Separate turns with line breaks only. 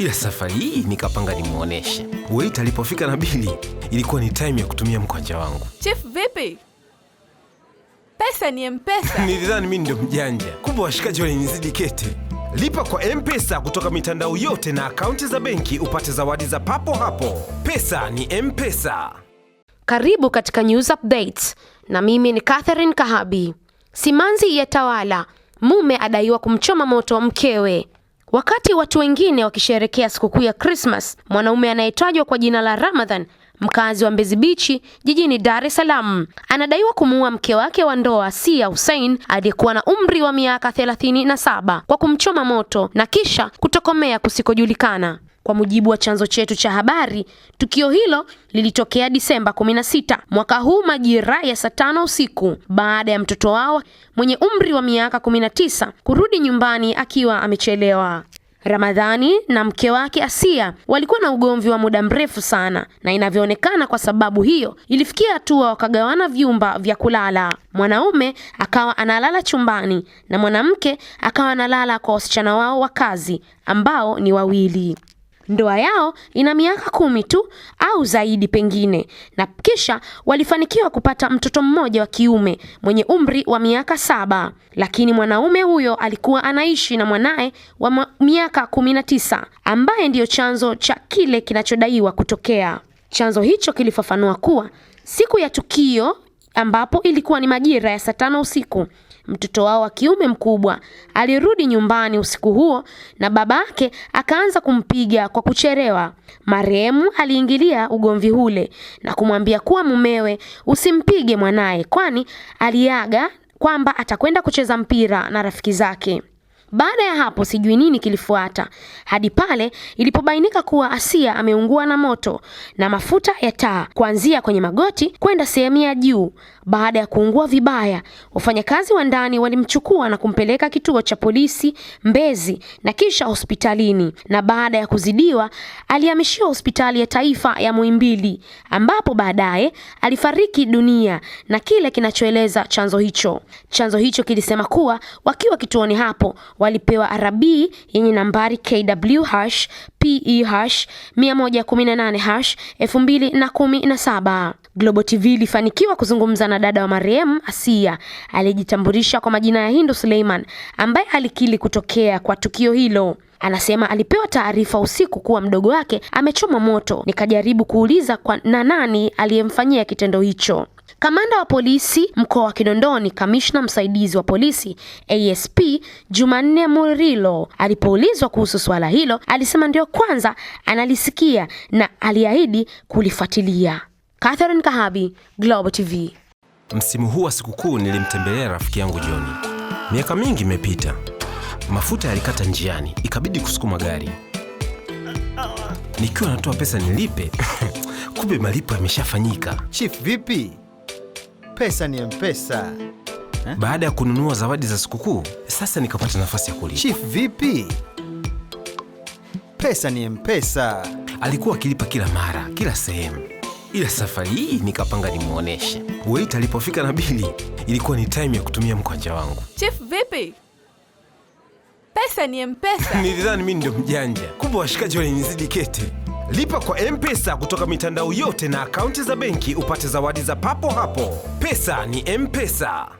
ila safari hii nikapanga nimwoneshe. Wait alipofika na bili, ilikuwa ni time ya kutumia mkwanja wangu.
Chief vipi? Pesa ni Mpesa.
Nilidhani mimi ndo mjanja, kumbe washikaji walinizidi kete. Lipa kwa Mpesa kutoka mitandao yote na akaunti za benki upate zawadi za papo hapo. Pesa ni Mpesa.
Karibu katika news updates, na mimi ni Catherine Kahabi. Simanzi yatawala, mume adaiwa kumchoma moto mkewe. Wakati watu wengine wakisherekea sikukuu ya Krismas, mwanaume anayetajwa kwa jina la Ramadhan, mkazi wa Mbezi Beach jijini Dar es Salaam, anadaiwa kumuua mke wake wa ndoa Sia Hussein aliyekuwa na umri wa miaka thelathini na saba kwa kumchoma moto na kisha kutokomea kusikojulikana. Kwa mujibu wa chanzo chetu cha habari, tukio hilo lilitokea Disemba 16 mwaka huu majira ya saa tano usiku baada ya mtoto wao mwenye umri wa miaka 19 kurudi nyumbani akiwa amechelewa. Ramadhani na mke wake Asia walikuwa na ugomvi wa muda mrefu sana, na inavyoonekana kwa sababu hiyo ilifikia hatua wakagawana vyumba vya kulala. Mwanaume akawa analala chumbani na mwanamke akawa analala kwa wasichana wao wa kazi ambao ni wawili. Ndoa yao ina miaka kumi tu au zaidi pengine, na kisha walifanikiwa kupata mtoto mmoja wa kiume mwenye umri wa miaka saba, lakini mwanaume huyo alikuwa anaishi na mwanaye wa miaka kumi na tisa ambaye ndiyo chanzo cha kile kinachodaiwa kutokea. Chanzo hicho kilifafanua kuwa siku ya tukio ambapo ilikuwa ni majira ya saa tano usiku. Mtoto wao wa kiume mkubwa alirudi nyumbani usiku huo na babake akaanza kumpiga kwa kucherewa. Marehemu aliingilia ugomvi ule na kumwambia kuwa mumewe, usimpige mwanaye, kwani aliaga kwamba atakwenda kucheza mpira na rafiki zake. Baada ya hapo sijui nini kilifuata hadi pale ilipobainika kuwa Asia ameungua na moto na mafuta ya taa kuanzia kwenye magoti kwenda sehemu ya juu. Baada ya kuungua vibaya, wafanyakazi wa ndani walimchukua na kumpeleka kituo cha polisi Mbezi na kisha hospitalini, na baada ya kuzidiwa alihamishiwa hospitali ya taifa ya Muhimbili ambapo baadaye alifariki dunia na kile kinachoeleza chanzo hicho. Chanzo hicho kilisema kuwa wakiwa kituoni hapo walipewa RB yenye nambari KW hash, PE hash, 118 hash, 2017. Global TV ilifanikiwa kuzungumza na dada wa marehemu Asia aliyejitambulisha kwa majina ya Hindu Suleiman ambaye alikili kutokea kwa tukio hilo. Anasema alipewa taarifa usiku kuwa mdogo wake amechoma moto. Nikajaribu kuuliza kwa na nani aliyemfanyia kitendo hicho. Kamanda wa polisi mkoa wa Kinondoni, kamishna msaidizi wa polisi ASP Jumanne Murilo alipoulizwa kuhusu suala hilo, alisema ndio kwanza analisikia na aliahidi kulifuatilia. Catherine Kahabi, Global TV.
Msimu huu wa sikukuu nilimtembelea rafiki yangu Joni. Miaka mingi imepita, mafuta yalikata njiani, ikabidi kusukuma gari. Nikiwa natoa pesa nilipe, kumbe malipo yameshafanyika.
Chief, vipi? pesa ni mpesa ha?
Eh? Baada ya kununua zawadi za sikukuu, sasa nikapata nafasi ya kulipa.
Chief, vipi? Pesa ni mpesa.
Alikuwa akilipa kila mara, kila sehemu, ila safari hii nikapanga nimwonyeshe Wait alipofika na bili, ilikuwa ni time ya kutumia mkwanja wangu.
Chief, vipi? Pesa ni mpesa.
Nilidhani mii ndio mjanja, kumbe washikaji walinizidi kete. Lipa kwa M-Pesa kutoka mitandao yote na akaunti za benki upate zawadi za papo hapo. Pesa ni M-Pesa.